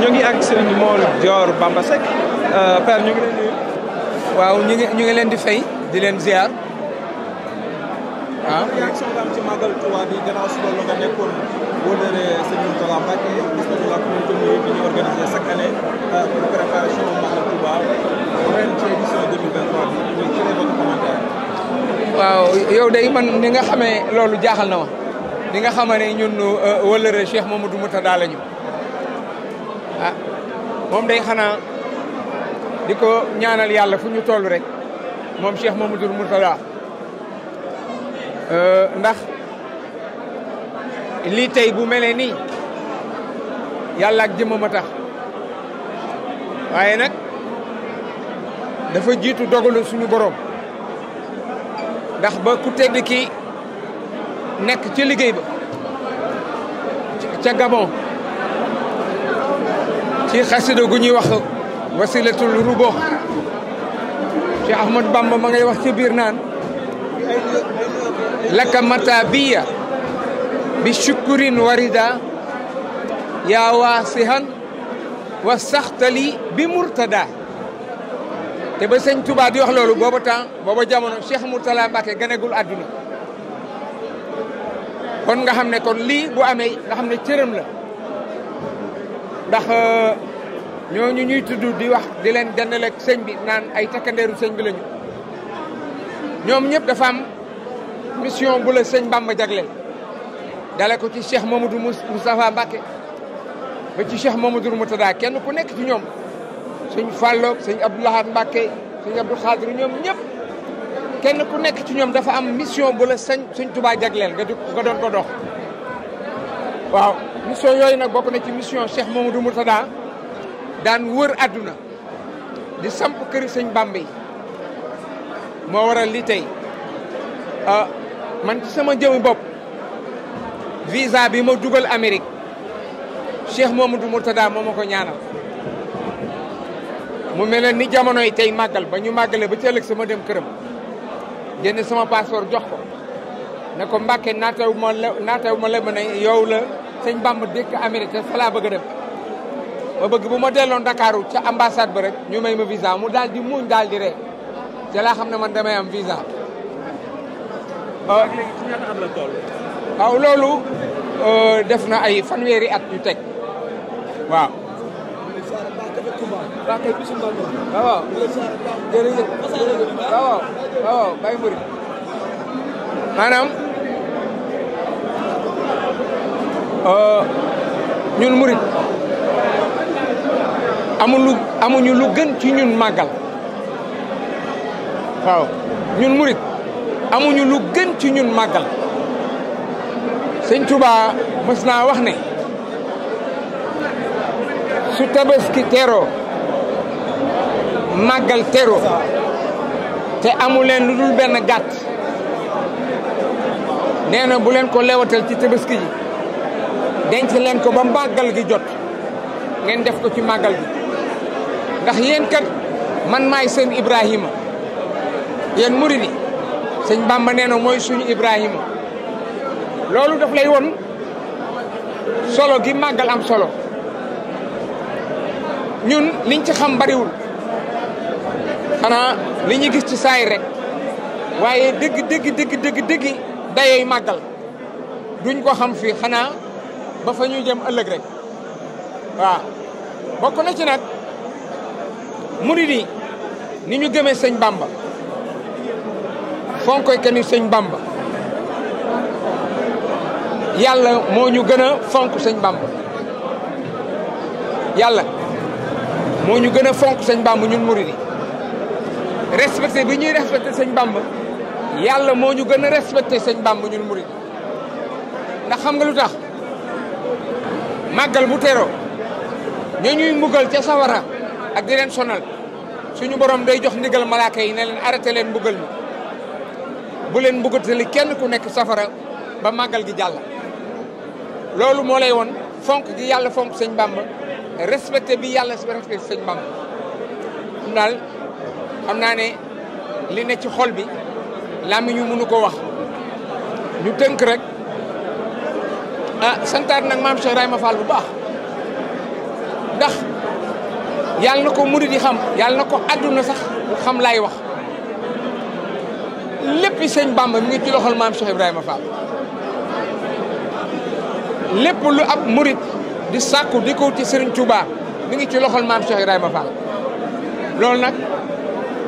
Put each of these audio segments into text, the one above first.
ñu ngi ak Serigne Mor Dior Bamba Seck euh, père ñu ngi leen di waaw ñu ngi ñu ngi leen di fay di leen ziar. ah réaction nga am ci màggal Tuubaa bi gannaaw suba la nga nekkoon wóolare sëñ Mourtala Mbacke gis nañu la communauté mouride bi ñu organisé chaque année euh, pour préparation màggal Tuubaa ren ci édition 2023 bi ñu ci votre commentaire. waaw yow day man ni nga xamee loolu jaaxal na ma ni nga xamee ne ñun euh, wóolare Cheikh Mamadou Moutada la ñu. Ah, moom day xanaa di ko ñaanal yàlla fu ñu toll rek moom Cheikh Mamadou Mourtada euh, ndax lii tey bu mel nii yàlla ak tax waaye nag dafa jiitu dogalu suñu borom ndax ba ku tedd ki nekk ca liggéey ba ca Gabon ci xasida gu ñuy wax wasilatul rubo ci Ahmad Bamba ma ngay wax ca biir naan laka mata biya bi shukurin warida yaa waasihan wa saxtali bi murtada te ba di wax loolu booba temps booba jamono Cheikh Mourtala Mbacke ganegul àdduna kon nga xam ne kon lii bu amee nga xam ne cërëm la ndax euh, ñooñu ñuy tudd di wax di leen dendaleeg sëñ bi naan ay takkandeeru sëñ bi lañu ñoom ñëpp dafa am mission bu la sëñ Bamba jagleel dale ko ci Cheikh Mamadou Moustapha Mbacké ba ci Cheikh Mamadou Moutada kenn ku nekk ci ñoom sëñ Falloog sëñ Abdou Lahad Mbacké sëñ ñoom ñëpp kenn ku nekk ci ñoom dafa am mission bu la sëñ sëñ Touba jagleel nga di doon ko dox waaw mission yooyu nag bokk na ci mission Cheikh Mamadou Murtada daan wër àdduna di samp këri sëñ Bàmba yi moo waral li tey ah, man ci sama jëmi bopp visa bi ma dugal Amérique Cheikh Mamadou Murtada moo ma ko ñaanal mu mel ni jamonoy tey màggal ba ñu màggalee ba ci ëllëg sama dem këram génne sama passeport jox ko ne ko Mbàkke naataw ma la yow la sëñ Bamba dëkk Amérique fa laa bëgg a dem ma bëgg bu ma delloon Ndakaaru ca ambassade ba rek ñu may ma visa mu daal di muuñ daal di ree ca xam ne man damay am visa. waaw léegi loolu euh, def na ay fanweeri at yu teg waaw. waaw kay bisimilah. waaw Euh, ñun murit amulu amuñu lu gën ci ñun màggal waaw ñun murit amuñu lu gën ci ñun màggal sëñ Tuubaa mës naa wax ne su tabaski teroo màggal teroo te amuleen leen lu dul benn gàtt nee bu leen ko lewatal ci tabaski ji denc leen ko ba màggal gi jot ngeen def ko ci màggal gi ndax yéen kat man maay seen Ibrahima yéen murid yi sëñ Bàmba nee na mooy suñu Ibrahima loolu daf lay won solo gi màggal am solo ñun liñ ci xam bariwul xanaa li ñu gis ci saay rek waaye dëgg dëgg dëgg dëgg dëgg dayey màggal duñ ko xam xanaa ba fa ñuy jëm ëllëg rek waaw bokk na ci nag murid yi ni ñu gëmee sëñ Bamba fonkoy ke ni sëñ Bamba yàlla moo ñu gën a fonk sëñ Bamba yàlla moo ñu gën a fonk sëñ Bamba ñun murid yi respecté bi ñuy respecté sëñ Bamba yàlla moo ñu gën a respecté sëñ Bamba ñun murid yi ndax xam nga lu tax màggal bu teroo ñoo ñuy mbugal ca safara ak di sonal suñu borom day jox ndigal malaaka yi ne leen arrêté leen mbugal mi bu leen mbugatali kenn ku nekk safara ba màggal gi jàll loolu moo woon fonk gi yàlla fonk sëñ Bamba respecté bi yàlla respecté sëñ Bamba am daal xam naa ne li ne ci xol bi làmmiñ ñu mënu ko wax ñu tënk rek ah santaat nag maam Cheikh Ibrahima Fall bu baax ndax yàlla na ko murid yi xam yàlla na ko àdduna sax xam laay wax lépp sëñ Bamba mi ngi ci loxol maam Cheikh Ibrahima Fall lépp di sàkku di ko ci Serigne Touba mi ngi ci loxol maam Cheikh Ibrahima Fall loolu nag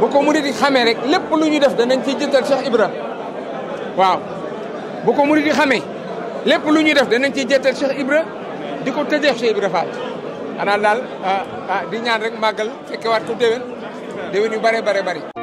bu ko murid yi xamee rek lépp lu ñu def danañ ci jëtal Cheikh Ibra waaw bu ko murid yi xamee lépp lu ñuy def danañ ciy jettal Cheikh Ibra di ko tëjee Cheikh Ibra Fall xanaa daal ah, ah, di ñaan rek màggal fekkewaat ko déwén déwén yu bare bare bari